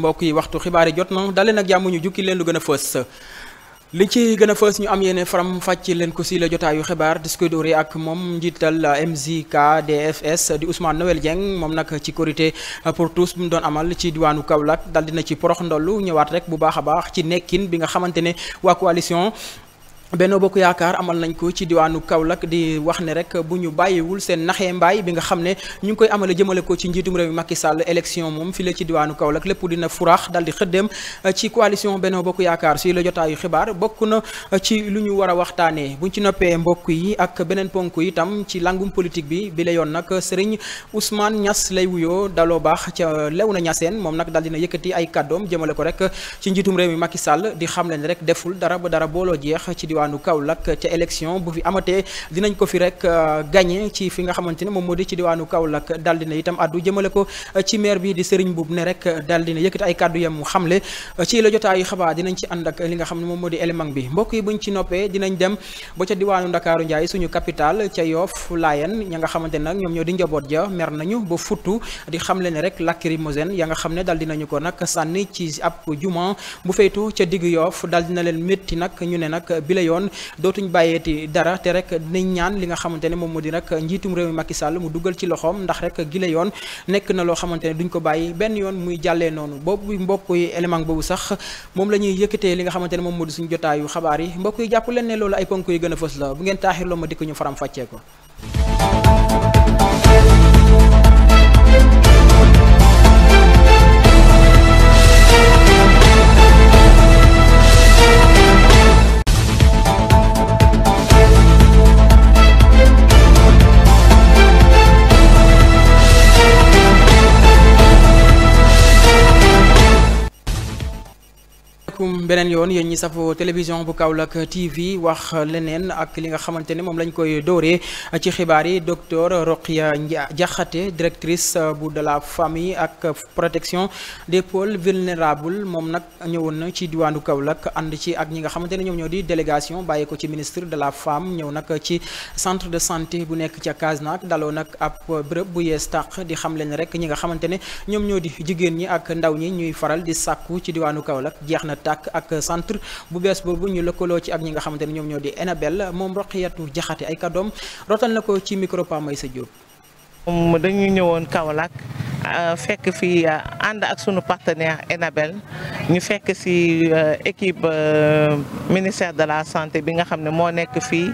mbokk yi waxtu xibaar yi jot na dalee nag jàmm ñu jukki leen lu gën a fës li ci gën a fës ñu am yéene faram fàcc leen ko si la jotaayu xibaar di ko dóoree ak moom njiital MJKDFS di Ousmane Noël Dieng moom nag ci corité pour tous mu doon amal ci diwaanu Kaolack dal dina ci porox ndollu ñëwaat rek bu baax a baax ci nekkin bi nga xamante ne waa coalition Benno Bokk Yaakaar amal nañ ko ci diwaanu Kaolack di wax ne rek bu ñu bàyyiwul seen naxee mbaay bi nga xam ne ñu ngi koy amale jëmale ko ci njiitum réew mi Macky sàll élection moom fii la ci diwaanu Kaolack lépp dina furaax dal di xëddem euh, ci coalition Benno Bokk Yaakaar si la jotaayu xibaar bokk na euh, ci lu ñu war a waxtaanee buñ ci noppee mbokk yi ak beneen ponk yi itam ci langum politique bi bi la yoon nag Serigne Ousmane Niass lay wuyoo daloo baax ca lew na Niassène moom nag dal dina yëkkati ay kàddoom jëmale ko rek ci njiitum réew mi Macky Sall di xam rek deful dara ba dara booloo jeex ci diwaanu Kaolack ca élection bu fi amatee dinañ ko fi rek euh, gagné ci fi nga xamante ne moom moo di ci diwaanu Kaolack daal dina itam addu jëmale ko euh, ci maire bi di Serigne Boub ne rek euh, daal dina yëkkati ay kàddu yam xamle ci la jotaayu xabaar dinañ ci ànd ak li nga xam ne moom moo di élément bi mbokk buñ ci noppee dinañ dem ba ca diwaanu Ndakaaru Njaay suñu capital ca Yoff Laayeen ña nga xamante ne nag ñoom ñoo di njaboot ja mer nañu ba futtu di xamle ne rek lacrymogène ya nga xam ne daal dinañu ko nag sànni ci ab jumaa bu feytu yoon dootuñ bàyyeeti dara te rek dinañ ñaan li nga xamante ne moom moo di rek njiitum réew mi Macky Sall mu dugal ci loxoom ndax rek gile yoon nekk na loo xamante ne duñ ko bàyyi benn yoon muy jàlle noonu boobu mbokk yi élément boobu sax moom la ñuy yëkkatee li nga xamante ne moom moo di suñu jotaayu xabaar yi mbokk yi jàpp leen ne loolu ay ponk yu gën fës la bu ngeen taaxirloo ma dikk ñu faram fàccee beneen yoon yéen ñi safoo télévision bu Kaolack TV wax leneen ak li nga xamante ne moom lañ koy dooree ci xibaar yi docteur Rokhia Diakhaté directrice bu de la famille ak protection des pôles vulnérables moom nag ñëwoon na ci diwaanu Kaolack ànd ci ak ñi nga xamante ne ñoom ñoo di délégation bàyyi ko ci ministre de la femme ñëw nag ci centre de santé bu nekk ca Kasnack daloo nag ab bërëb bu yees tàq di xam leen rek ñi nga xamante ne ñoom ñoo di jigéen ñi ak ndaw ñi ñuy faral di sàkku ci diwaanu Kaolack jeex ak centre bu bees boobu ñu lëkkaloo ci ak ñi nga xamante ne ñoom ñoo di Enabel moom Roqiyatu Jaxate ay kàddoom rotal na ko ci micro Pam Maysa Diop dañu ñëwoon Kaolack euh, fekk fi euh, ànd ak sunu partenaire Enabel ñu fekk si euh, équipe ministère de la santé bi nga xam ne moo nekk fii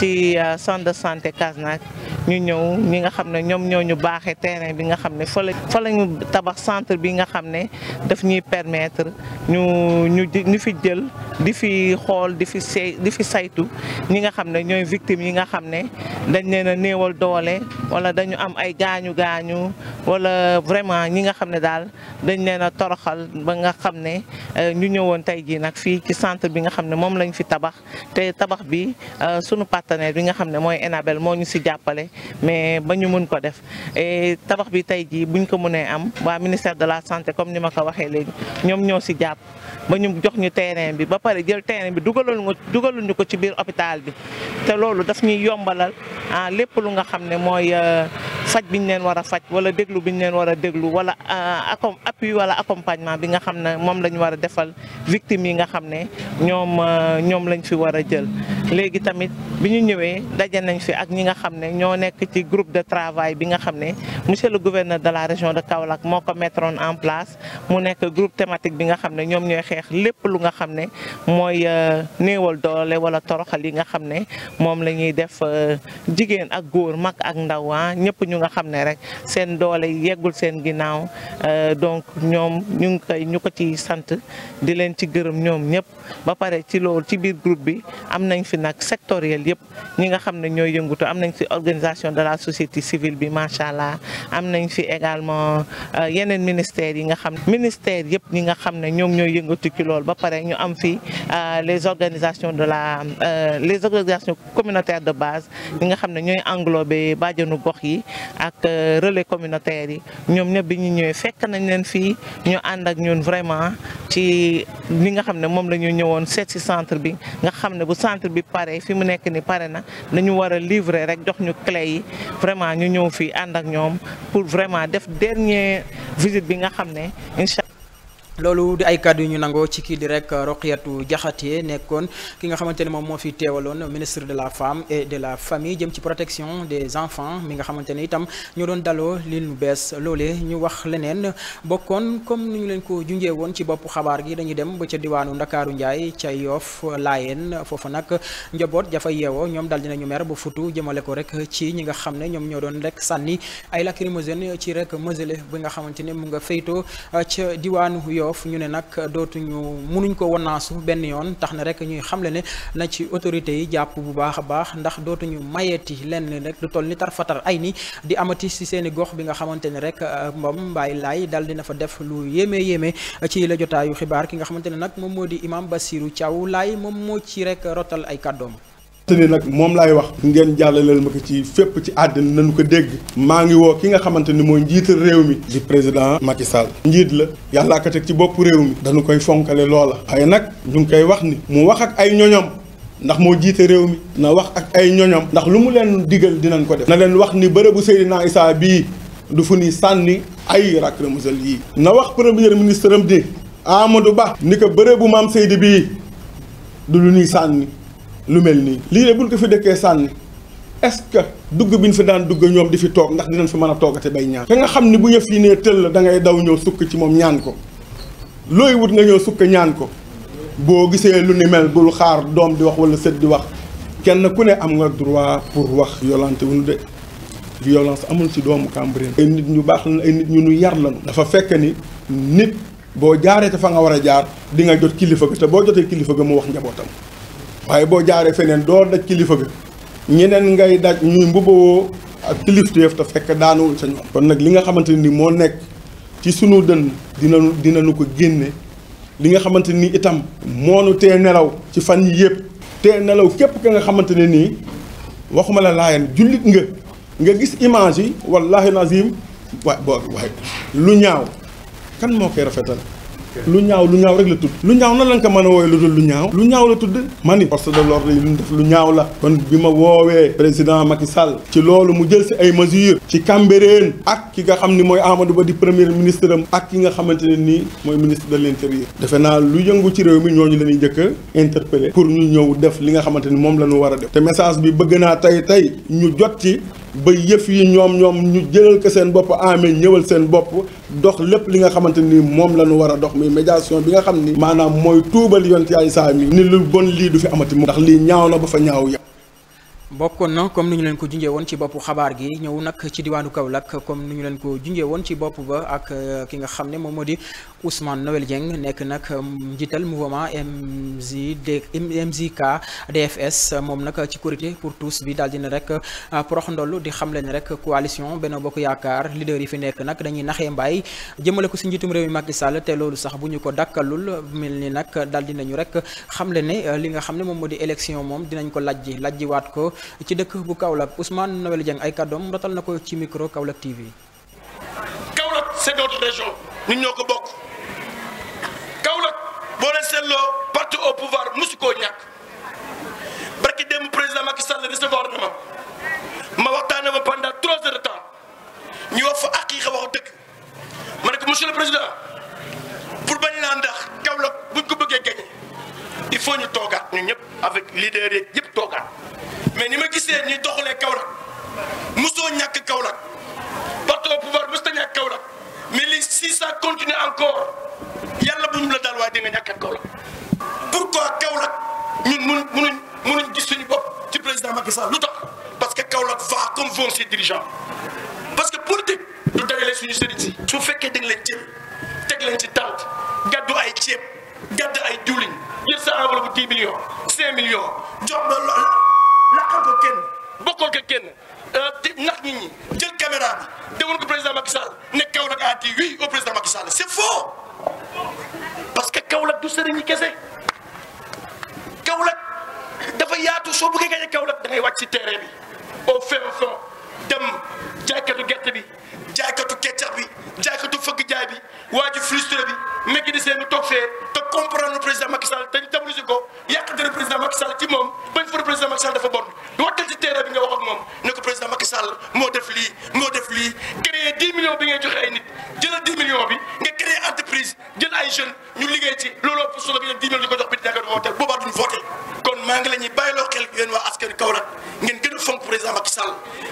ci centre de santé Kasnack ñu ñëw ñi nga xam ne ñoom ñoo ñu baaxee terrain bi nga xam ne fa la ñu tabax centre bi nga xam ne daf ñuy permettre ñu ñu ñu fi jël di fi xool di fi say di fi saytu ñi nga xam ne ñooy victime yi nga xam ne dañ leen a néewal doole wala dañu am ay gaañu gaañu wala vraiment ñi nga xam ne daal dañ leen a toroxal ba nga xam ne euh, ñu ñëwoon tey jii nag fii ci centre bi nga xam ne moom lañ fi tabax te tabax bi euh, sunu partenaire bi nga xam ne mooy Enabel moo ñu si jàppale mais ba ñu mun ko def et tabax bi tey jii buñ ko mënee am waa ministère de la santé comme ni ma ko waxee léegi ñoom ñoo si jàpp ba ñu jox ñu terrain bi ba pare jël terrain bi dugalal nga dugalal ko ci biir hôpital bi te loolu daf ñuy yombalal ah, lépp lu nga xam ne mooy euh, faj biñ leen war a faj wala déglu déglu bi ñu leen war a déglu wala euh, accom appui wala accompagnement bi nga xam ne moom la ñu war a defal victimes yi nga xam ne ñoom euh, ñoom lañ fi war a jël. léegi tamit bi ñu ñëwee daje nañ fi ak ñi nga xam ne ñoo nekk ci groupe de travail bi nga xam ne monsieur le gouverneur de la région de Kaolack moo en place mu nekk groupe thématique bi nga xam ne ñoom ñooy xeex lépp lu nga xam ne mooy euh, néewal doole wala toroxal yi nga xam ne moom lañuy def jigéen ak góor mag ak ndaw ah, ñëpp ñu nga xam ne rek seen doole xale yeggul seen ginnaaw euh, donc ñoom ñu ngi koy ñu ko ci sant di leen ci gërëm ñoom ñëpp ba pare ci loolu ci biir groupe bi am nañ fi nag sectoriel yëpp ñi nga xam ne ñooy yëngutu am nañ fi organisation de la société civile bi macha allah am nañ fi également euh, yeneen ministères yi nga xam ministères yëpp ñi nga xam ne ñoom ñooy yëngatu ci loolu ba pare ñu am fi euh, les organisations de la euh, les organisations communautaires de base ñi nga xam ne ñooy englobé bàjjanu gox yi ak relais communautaires yi ñoom ñëpp bi ñu ñëwee fekk nañ leen fii ñu ànd ak ñun vraiment ci li nga xam ne moom la ñu ñëwoon seet si centre bi nga xam ne bu centre bi pare fi mu nekk ni pare na nañu war a livrer rek jox ñu clé vraiment ñu ñëw fii ànd ak ñoom pour vraiment def dernier visite bi nga xam ne incha lolu di ay kàddu yu ñu nangoo ci kii di rek euh, Roqiyatu Jaxate nekkoon ki nga xamante ne moom fi ministre de la femme et de la famille jëm ci protection des enfants mi nga xamante ne itam ñoo doon loli li lenen, bees loolee ñu wax leneen bokkoon comme ni ñu leen ko junjee woon ci bopp xabaar gi dañuy dem ba ca diwaanu Ndakaaru Njaay ca Yoof Laayeen foofa nag njaboot jafa yewo ñoom dal dinañu mer ba futu jëmale ko rek ci ñi nga xam ne ñoom doon rek sànni ay lacrymogène ci rek nga mu nga euh, Yoff ñu ne nag dootuñu mënuñ ko wannaa suuf benn yoon tax na rek ñuy xamle ne na ci autorité yi jàpp bu baax a baax ndax dootuñu mayeeti lenn rek lu toll ni tar fatar ay ni di amati si seeni gox bi nga xamante ni rek moom mbaay laay dal dina fa def lu yéeme yéeme ci la jotaayu xibaar ki nga xamante ne nag moom moo di imam Bassirou Thiaw laay moom moo ci rek rotal ay kàddoom te nag moom laay wax ngeen jàllaleel ma ko ci fépp ci àddina nañu ko dégg maa ngi woo ki nga xamante ni mooy njiital réew mi président Macky Sall njiit la yàllaa ko teg ci bopp réew mi dañu koy fonkale loola waaye nag ñu ngi koy wax ni mu wax ak ay ñoñom ndax moo jiite réew mi na wax ak ay ñoñom ndax lu mu leen diggal dinañ ko def na leen wax ni bërëbu Seydina Issa bii du fu nuy sànni ay lacrymogène yii na wax premier ministre am di Amadou Ba ni ko bërëbu Maam Seydi bii du lu nuy sànni lu mel nii lii de buñ ko fi dëkkee sànni est-ce dugg bi ñu fi daan dugg ñoom di fi toog ndax dinañ fi mën a toogate bay ñaan. te nga xam ni bu ñu fi nee tëll da ngay daw ñëw sukk ci moom ñaan ko looy wut nga ñëw sukk ñaan ko boo gisee lu ni mel bul xaar doom di wax wala sët di wax kenn ku ne am nga droit pour wax. violente wu ñu de violence amul si doomu Cambérène. ay nit ñu baax lañu ay nit ñu nu yar lañu. dafa fekk ni nit boo jaaree te fa nga war a jaar di nga jot kilifa ga te boo jotee kilifa ga mu wax njabootam. waaye boo jaaree feneen doo daj kilifa ga ñeneen ngay daj ñuy mbubbawoo ak kilifteef te fekk daanuwul sa ñoom kon nag li nga xamante ni moo nekk ci sunu dënn dina dinañu ko génne li nga xamante ni itam moonu tee nelaw ci fan yi yëpp te nelaw képp ka nga xamante ne nii waxuma la laayeen jullit nga nga gis image yi wallahi nazim waay boo waay lu ñaaw kan moo koy rafetal lu ñaaw lu ñaaw rek la tudd lu ñaaw nan lañ ko mën a woowee lu dul lu ñaaw lu ñaaw la tudd ma ni force de yi lu ñu def lu ñaaw la kon bi ma woowee président Macky Sall ci loolu mu jël si ay masir ci Cambérène ak ki nga xam ni mooy Amadou Ba di premier ministre am ak ki nga xamante ne nii mooy ministre de l'intérieur defe naa lu yëngu ci réew mi ñooñu la ñuy njëkk a interpeller pour ñu ñëw def li nga xamante ni moom la ñu war a def te message bi bëgg naa tey tey ñu jot ci ba yëf yi ñoom ñoom ñu jëlal ko seen bopp amee ñëwal seen bopp dox lépp li nga xamante ni moom la ñu war a dox mi médiation bi nga xam ni maanaam mooy tuubal yonent yàlla saa mi ni lu bon lii du fi amati mu ndax lii ñaaw na ba fa ñaaw yàq bokkon na comme niñu len ko jinjé won ci bop xabar gi ñew nak ci diwanu Kaolack comme niñu len ko jinjé won ci bop ba ak euh, ki nga xamné mom modi Ousmane Noël Dieng nek nak euh, njiital mouvement MJD MZK DFS mom nak ci courité pour tous bi dal dina rek euh, prox ndolu di xam leen rek coalition ben bok yaakar leader yi fi nek nak dañuy naxé mbay jëmele ko ci njitum rew mi Macky Sall té lolu sax buñu ko dakalul melni nak dal dinañu rek xam le li nga xamné mom modi élection mom dinañ ko lajji wat ko ci dëkk bu Kaolack Ousmane Noël Dieng ay kaddoom rotal na ko ci micro Kaolack TV. Kaolack c'est notre région ñun ñoo ko bokk Kaolack boo leen seetloo parti au pouvoir mosu koo ñàkk barki démb président Macky Sall recevoir na ma ma waxtaanee ma pendant trois de temps ñu wax fa ak yi nga wax dëgg ma ne ko monsieur le président pour bañ naa ndax Kaolack buñ ko bëggee gagné il faut ñu toogaat ñun ñëpp avec leader yeeg yëpp toogaat. mais ni ma gisee ñi doxalee Kaolack mosoo ñàkk Kaolack parti au pouvoir mosut a ñàkk Kaolack mais li si ça continue encore yàlla bu ñu la daal waaye di nga ñàkkat Kaolack pourquoi Kaolack ñun mun munuñ munuñ gis suñu bopp ci président Macky Sall lu tax parce que Kaolack va comme vont ses dirigeants parce que politique du dajale suñu sëriñ si su fekkee da nga leen jël teg leen ci tànk gàddu ay ceeb gàddu ay diwlin jël sa enveloppe bu 10 millions 5 millions jox ma laqal ko kenn bokkal ko kenn euh, nax nit ni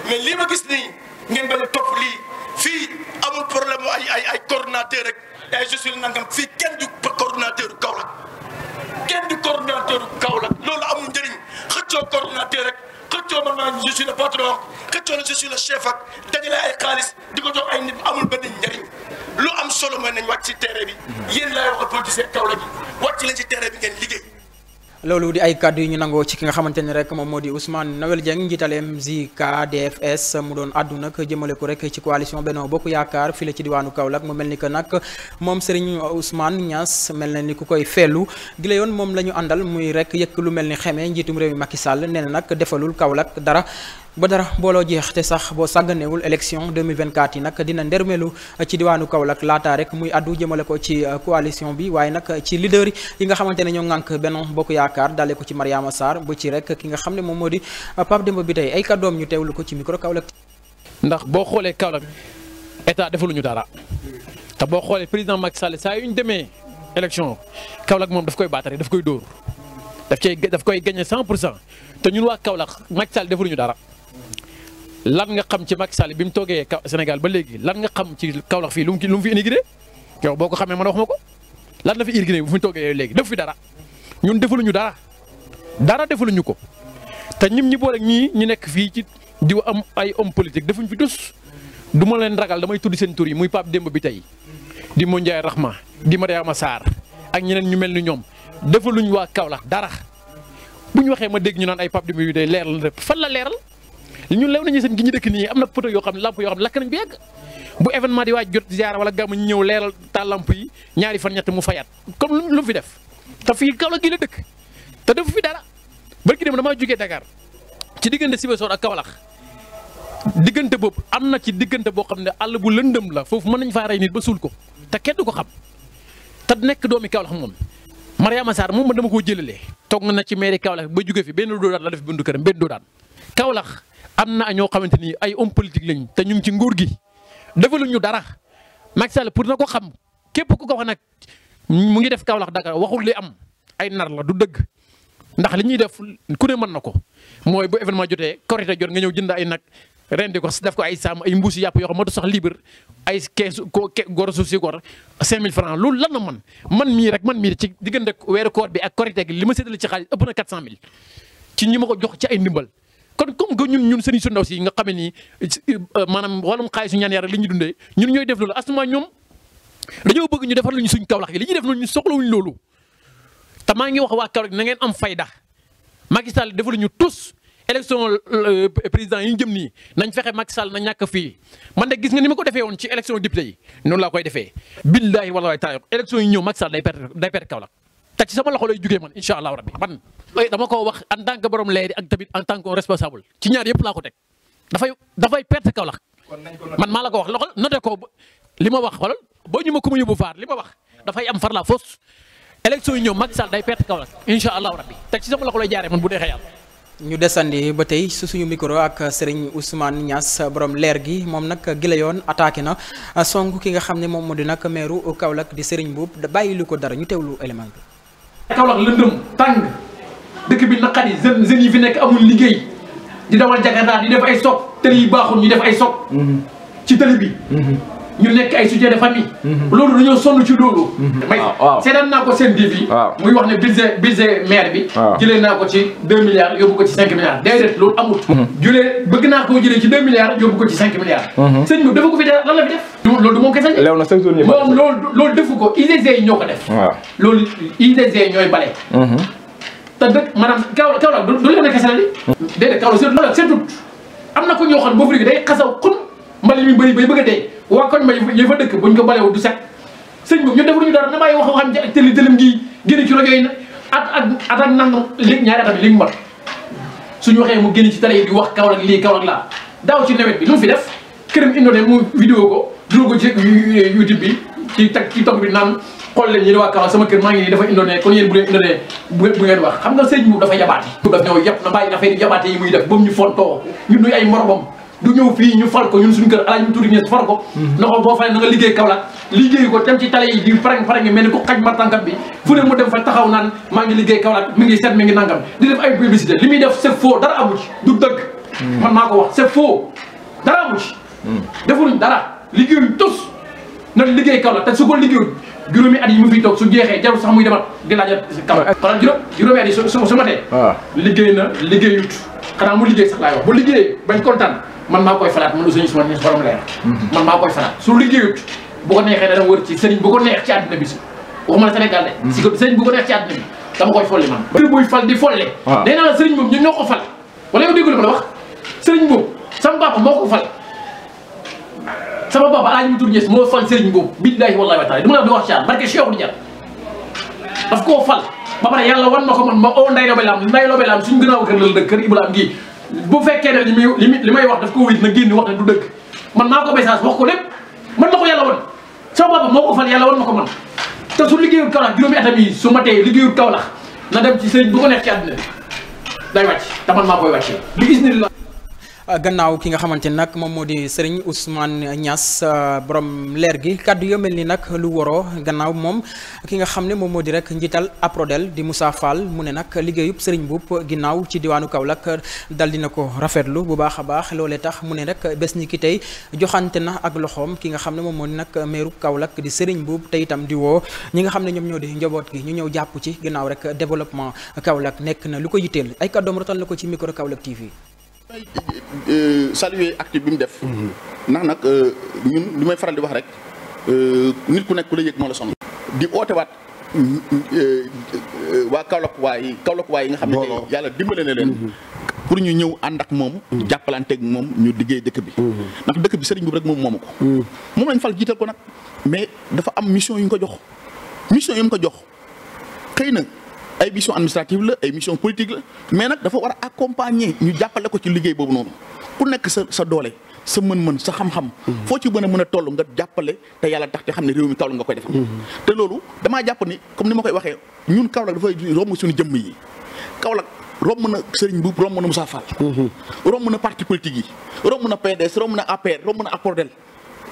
mais lii ma gis nii ngeen bañ a topp lii fii amul problème ay ay ay coordonnateur rek ay je suis nangam fii loolu di ay kàddu yu ñu nangoo ci ki nga xamante ni rek moom moo di Ousmane Noël Dieng njiitale MJKDFS mu doon àddu nag jëmale ko rek ci coalition Benno Bokk Yaakaar fii la ci diwaanu Kaolack mu mel ni que nag moom Serigne Ousmane ñaas mel na ni ku koy feelu gi la yoon moom la ñu àndal muy rek yëkk lu mel ni xeme njiitum réew mi makki Sall neen na nag defalul Kaolack dara ba dara booloo jeex te sax boo sàgganewul élection 2024 yi nag dina ndermelu ci diwaanu Kaolack laata rek muy addu jëmale ko ci euh, coalition bi waaye nag ci leader yi nga xamante ne ñoo ŋànk Benno Bokk Yaakaar dale ko ci Mariama Sarr ba ci rek ki nga xam ne moom moo di euh, Pape Demba bi tey ay kàddoom ñu teewlu ko ci micro Kaolack. ndax boo xoolee Kaolack état defaluñu dara te boo xoolee président Macky Sall saa yu ñu demee élection Kaolack moom daf koy baatare daf koy dóor daf cay daf koy gagné 100 pour te ñun waa Kaolack Macky Sall defaluñu dara. lan nga xam ci Macky Sall bimu mu toogee Sénégal ba léegi lan nga xam ci Kaolack fi lum mu fi inigré yow boko xamé man mën lan la fi inauguré bu fi toogee léegi def fi dara ñun luñu dara dara luñu ko té ñim ñi boole ñi ñi nek fi ci di am ay homme politique defuñ fi tous duma len ragal damay tuddi sen tour yi muy pap demb bi tay di Mondiaye Rahma di Mariama Sarr ak ñeneen ñu melni ñom defu luñu wa Kaolack dara buñ waxé ma dégg ñu naan ay Pape Demba day fa la ñun lew nañu seen gi ñu dëkk nii am na poto yoo xam ne lamp yoo xam ne lakk nañ bi yàgg bu événement di jot ziara wala gàmm ñëw leeral taal yi ñaari fan ñett mu fayaat comme lu mu fi def te fii Kaolack gi la dëkk te defu fi dara barki dem damaa jógee dakaar ci diggante Sibassor ak Kaolack diggante boobu am na ci diggante boo xam ne àll bu lëndëm la foofu mën nañ faa rey nit ba suul ko te kenn du ko xam te nekk doomi Kaolack moom Mariama Sarr moom ma dama koo jëlalee toog na ci mairie Kaolack ba jóge fi benn doodaan la def bindu këram benn doodaan Kaolack am na ñoo xamante ni ay om politique lañ te ñu ci nguur gi defalu ñu dara Macky Sall pour na ko xam képp ku ko wax nag mu ngi def Kaolack Dakar waxul li am ay nar la du dëgg ndax li ñuy def ku ne mën na ko mooy bu événement jotee korite jot nga ñëw jënd ay nag rendi ko def ko ay sàmm ay mbuusi yàpp yoo xam moo sax libre ay keesu ko góor suuf si góor 5000 francs loolu lan na man man mii rek man mii ci diggante weeru koor bi ak korite gi li ma séddale ci xaalis ëpp na 400000 ci ñi ma ko jox ci ay ndimbal. que ñun ñun sëriñ su ndaw si nga xamee ni euh, maanaam wàllum xaalis su ñan yàlla li ñu dundee ñun ñooy def loolu asuma ñoom dañoo bëgg ñu defar luñu suñ Kaolack yi li ñuy def noonu ñu soxlawuñ loolu te ngi wax waa Kaolack na ngeen am fayda Macky Sall defaluñu tous élection euh, président yi ñu jëm nii nañ fexe Macky Sall na ñàkk fii man de gis nga ni ko defee woon ci élection député yi laa koy defee. billaahi wallaahi taala élection yi ñëw Macky Sall day perte day perte Kaolack te ci sama loxo lay jugee man incha allahu rabbi man eh, dama ko wax en tant que borom leeri ak tamit en tant que responsable ci ñaar yëpp laa ko teg dafay dafay perte kaw lax man maa la ko wax loxol noté ko li ma wax xoolal boo ñu ma ko mu yóbbu faar li ma wax dafay am far la fausse élection yi ñëw Macky Sall day perte kaw lax incha allahu rabbi te ci sama loxo lay jaaree man bu deexee yàlla ñu desandi ba tey su suñu micro ak Serigne Ousmane Niass borom leer gi moom nag gi yoon attaqué na song ki nga xam ne moom moo di nag meeru Kaolack di Serigne Mboup bàyyi lu ko dara ñu teewlu élément Kaolack lëndëm tàng dëkk bi naqari jeunes jeunes yi fi nekk amul liggéey di dawal jakarta di def ay soog tëli yi baaxul ñu def ay soog mhm. ci tëli bi mhm. ñu nekk ay sujet de famille. Mhm. loolu dañoo sonn ci loolu. Mhm. may ah, seetaan naa ko seen divi. muy wax ne budget budget maire bi. waaw naa ko ci 2 milliards yóbbu ko ci 5 milliards déedéet loolu amut. Mhm. jëlee bëgg naa koo jëlee ci 2 milliards yóbbu ko ci 5 milliards. sëñ bi dafa ko fi def lan la fi def. loolu du moom na ko UDG yi ñoo ko def. waaw loolu UDG yi ñooy bale. te dëkk maanaam Kaolack Kaolack du lew na kese la de. déedéet Kaolack surtout am na ko ñoo xam boo waa koñ ma yi fa dëkk buñ ko balewul du set sëñ boobu ñu def lu ñu dara na bàyyi wax waxam ci tëli tëlim gii génn ci rajo yi na at ak at ak nangam léegi ñaari li mu mat suñu waxee mu génn ci télé yi wax kaw ak lii kaw ak laa daaw ci nawet bi mu fi def këram indone mu vidéo ko ci youtube bi ci tag ci topp bi naan xool leen yéen waa Kaolack sama kër maa ngi nii dafa indone kon yéen bu leen indone bu ngeen wax xam nga sëñ boobu dafa yabaate daf ñëw yëpp na bàyyi dafay yabaate yi muy def boobu ñu fontoo ñu nuy ay moromam du ñew fi ñu far ko ñun suñu kër alañu tuddi tuuti far ko mhm. loxo bo fay na nga liggéey la liggéey ko tam ci tale yi di farang farangi mel ko ku xaj martankat bi fu ne mu dem fa taxaw naan ma ngi liggéey la mi ngi set mi ngi nangam di def ay publicité limi def c'est faux dara amu ci du deug mhm. man mako wax c'est faux dara amu ci mhm. deful dara liggéeyuñ tous na liggéey la te su ko liggéeyul juromi at yi mu fi tok su jexé jaru sax muy demal di laajal kaw xanaa juróom juromi at yi su su ma tee ah. liggéey na liggéeyut xana mu liggéey sax lay wax bu liggéey bañ contane man maa koy falaat man lu sëñ Ousmane Niass borom leer mhm. man maa koy falaat su liggéeyut bu ko neexee dana wër ci sëriñ bu ko neex ci àddina bi si waxuma la Sénégal de mhm. si ko sëriñ bu ko neex ci àddina bi dama koy folli man kër buy fal di folle nee naa la ko fal wala ma la wax sëriñ boobu sama papa moo ko fal sama papa Alaaji Moutour Niass moo fal sëriñ boobu billaahi wallaahi wa taala du ma la di wax ci barke Cheikh Ndiaye daf koo fal ba pare yàlla wan na ko man oo nday bu fekkee ne li muy li may wax daf ko wéy na génn wax na du dëkk man maa ko bay saas wax ko lépp man ma ko yàlla woon sama papa moo ko fal yàlla woon ma ko man te su liggéeyul Kaolack juróomi atam yi su ma tee liggéeyul Kaolack na dem ci sëriñ bu ko nekk ci àddina bi day wàcc te man maa koy wàcc bi Euh, gannaaw ki nga xamanteni nak mom modi Serigne Ousmane nias euh, borom leer gi kaddu yo melni nak lu woro gannaaw mom ki nga xamne mom modi rek njital Aprodel di Moussa Fall mune nak nag Serigne bop ci diwanu dal dina ko rafetlu bu baakha a baax loolee tax mune rek bes ni ki tay joxante na ak loxom ki nga xamne mom modi nak di nag di Serigne bop tay tam di wo ñi nga xamne ñom ñoo gi ñu ñew japp ci rek développement Kaolack nek na lu ko yitel ay kàddoom rotal na ci micro Kaolack TV. tey euh, saluer acte bi mu def. Mhm. ndax nag euh, ñun li may faral di wax rek euh, nit ku nekk ku la yëg moo la sonal. di ootewaat waa Kaolack waa yi Kaolack yi nga xam ne tey yàlla dimbale na leen. Mhm. pour ñu ñëw ànd ak moom. Mhm. jàppalante moom ñu liggéey dëkk bi. ndax dëkk bi sëriñ bi rek moom moomu ko. moom lañ fal jiital ko nag mais dafa am mission yu ko jox mission yu ko jox xëy na. ay mission administrative la ay mission politique la mais nag dafa war a accompagner ñu jàppale ko ci liggéey boobu noonu ku nekk sa sa doole sa mën-mën sa xam-xam. foo ci mën a mën a toll nga jàppale te yàlla tax te xam ne réew mi taw la nga koy defal. te loolu damaa jàpp ni comme ni ma koy waxee ñun a dafay romb suñu jëmm yi Kaolack romb na Serigne Mboup romb na Moussa Fall. romb na parti politique yi romb na PDS romb na APR romb na Accordel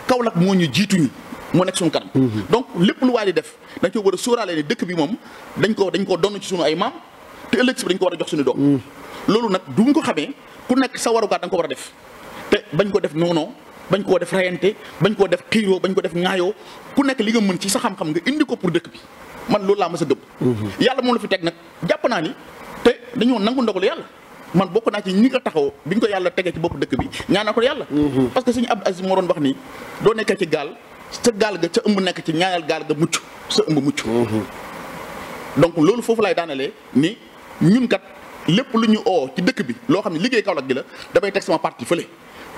Kaolack moo ñu jiituñu moo nekk suñu kanam mhm. donc lépp lu waay di def dañ ko war a dëkk bi moom dañ ko dañ ko donn ci suñu ay maam te ëllëg si dañ ko war a jox suñu doom mhm. loolu nag du duñ ko xamee ku nekk sa warugaat da ko war a def te bañ ko def noonoo bañ koo def rayante bañ koo def xiiroo bañ ko def ŋaayoo ku nekk li nga mën ci sa xam-xam nga indi ko pour dëkk bi man loolu laa mës a gëm mhm. yàlla moom la fi teg nag jàpp naa ni te dañoo nangu ndogalu yàlla man bokk naa taxaw ko yàlla tegee ci bopp dëkk bi ñaanal ko yàlla parce que suñu Abdou Aziz moo doon ca gaal ga ca ëmb nekk ci ñaareel gaal ga mucc sa ëmb mucc. donc loolu foofu laay daanalee ni ñun kat lépp lu ñu oo ci dëkk bi loo xam ne liggéey Kaolack gi la damay teg sama parti fële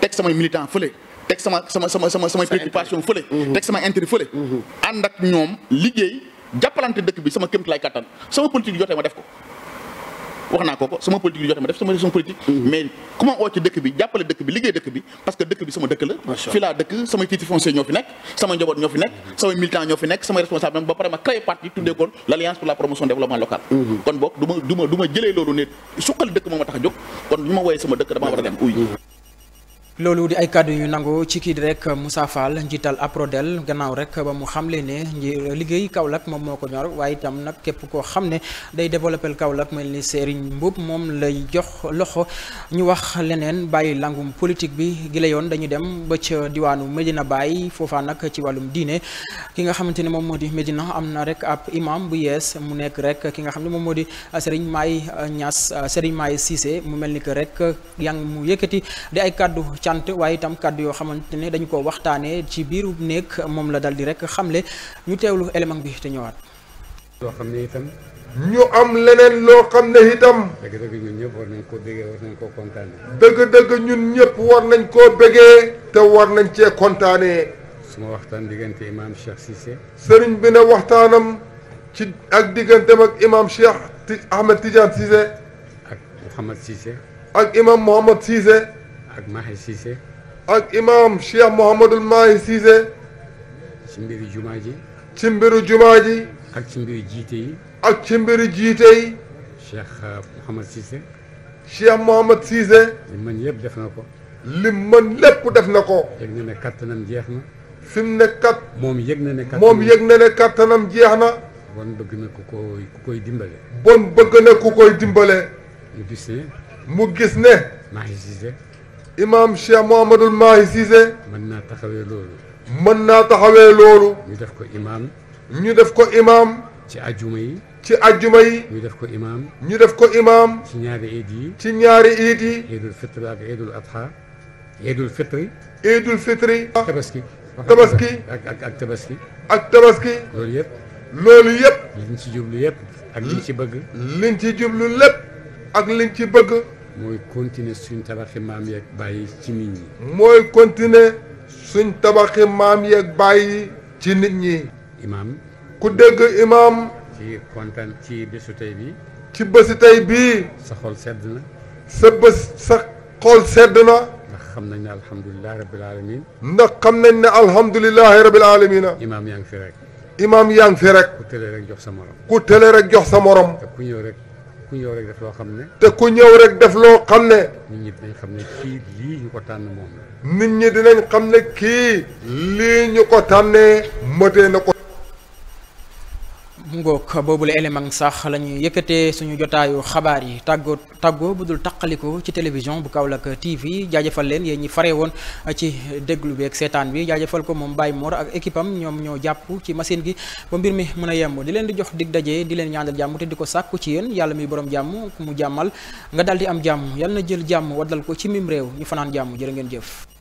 teg samay militant fële teg sama sama sama sama samay préoccupation fële. Mhm. teg sama intérêt fële. Mhm. ànd ak ñoom liggéey jàppalante dëkk bi sama kéemtalaay kattan sama politique jotee ma def ko. wax naa ko ko sama politique di joxe ma def sama gestion politique mm-hmm. mais ku oo ci dëkk bi jàppale dëkk bi liggéey dëkk bi parce que dëkk bi sama dëkk la fi dëkk samay titre foncier mm-hmm. ñoo fi nekk samay njaboot ñoo fi nekk samay militant ñoo fi nekk samay responsable ba pare ma créé parti tuddee ko l'alliance pour la promotion développement local mm-hmm. kon boog du ma jëlee loolu ne suqali dëkk moo ma tax a jóg kon ñu ma woyee sama dëkk dama war a dem loolu di ay cadeau yu nango ci musafal rek Moussa Fall njital Aprodel gannaaw rek ba mu xamle ne ngi liggey Kaolack mom moko ñor waye tam nak kep ko xamne day développer Kaolack mel ni Serigne Mboup mom lay jox loxo ñu wax leneen langum politique bi gi la yoon dañu dem ba ci diwaanu Medina Baye fofa nak ci walum diine ki nga xamanteni mom modi Medina amna rek ab imam bu yees mu nek rek ki nga xamne mom modi Serigne Maye Niass Serigne Maye Cissé mu melni ke rek yang mu yekeuti di ay cadeau cant waaye itam kàddu yoo xamante ne dañu ko waxtaanee ci biiru nekk moom la dal di rek xamle ñu teewlu élément bi te ñëwaat. loo xam ne itam. ñu am leneen loo xam ne itam. dëgg-dëgg ñun ñëpp war nañ koo bëggee war nañ koo kontaanee. dëgg ñun ñëpp war nañ koo bëggee. te war nañ cee kontaanee. suma waxtaan diggante imaam Cheikh Cissé. sëriñ bi ne waxtaanam ci ak digganteem ak imaam Cheikh Ahmed Tidiane Cissé. ak Mouhamad Cissé. ak imaam Mouhamad Cissé. ak Mahi Cissé. ak imam Cheikh Mouhamadul Mahi Cissé. ci mbiru jumaa ji. ci mbiru jumaa ji. ak ci mbiru jiite yi. ak ci mbiru jiite yi. Cheikh e, Mouhamad Cissé. Cheikh Mouhamad Cissé. li mën yëpp def na ko. li mën lépp def na ko. ne kattanam jeex na. fi ne kat. mom yëg ne kattanam moom yëg ne kattanam jeex bon bëgg na ku koy ku koy dimbale. bon bëgg na ku koy dimbale. mu gis ne. mu gis ne. Mahi Cissé. imam Cheikh Mouhamadul Mahi Cissé. mën naa taxawee loolu. mën naa taxawee loolu. ñu def ko imam ñu def ko imaam. ci ajjuma yi. ci ajjuma yi. ñu def ko imaam. ñu def ko imaam. ci ñaari iid yi. ci ñaari iid yi. iidul fitri ak iidul adha. iidul fitri. iidul fitri. tabaski. tabaski ak ak ak tabaski. ak tabaski. loolu yëpp. loolu yëpp. liñ ci jublu yëpp. ak liñ ci bëgg. liñ ci jublu lépp. ak liñ ci bëgg. mooy continuer suñ tabaxi maam yeeg bàyyi ci nit ñi. mooy continuer suñ tabaxi maam yeeg bàyyi ci nit ñi. imaam. ku dégg imaam. ci kontaan ci bésu tey bi ci bésu tey bii. sa xol sedd na. sa bés sa xol sedd na. ndax xam nañ ne alhamdulilah rabil aalamiin. ndax xam nañ ne alhamdulilah rabil aalamiin. imaam yaa ngi fi rek. imaam yaa ngi fi rek. ku tële rek jox sa morom. ku tële rek jox sa morom. te ku ñëw rek. ku ñëw loo xam ne. te ku ñëw rek def loo xam ne. nit ñi dinañ xam ne kii lii ñu ko tànn moom la. nit ñi dinañ xam ne kii lii ñu ko tànnee motee na ko. mu ngoog boobule élément sax la ñuy yëkkatee suñu jotaayu xabaar yi tàggoo tàggoo bu dul taqaliko ci télévision bu Kaolack TV jaajëfal leen yéen ñi fare woon ci déglu bi ak seetaan bi jaajëfal ko moom bay Mor ak équipe ñoom ñoo jàpp ci machine gi ba mbir mi mën a yemb di leen di jox dig daje di leen ñaanal jàmm te di ko sàkku ci yéen yàlla mi borom jàmm mu jàmmal nga daal di am jàmm yàlla na jël jàmm waddal ko ci mim réew ñu fanaan jàmm jërë ngeen jëf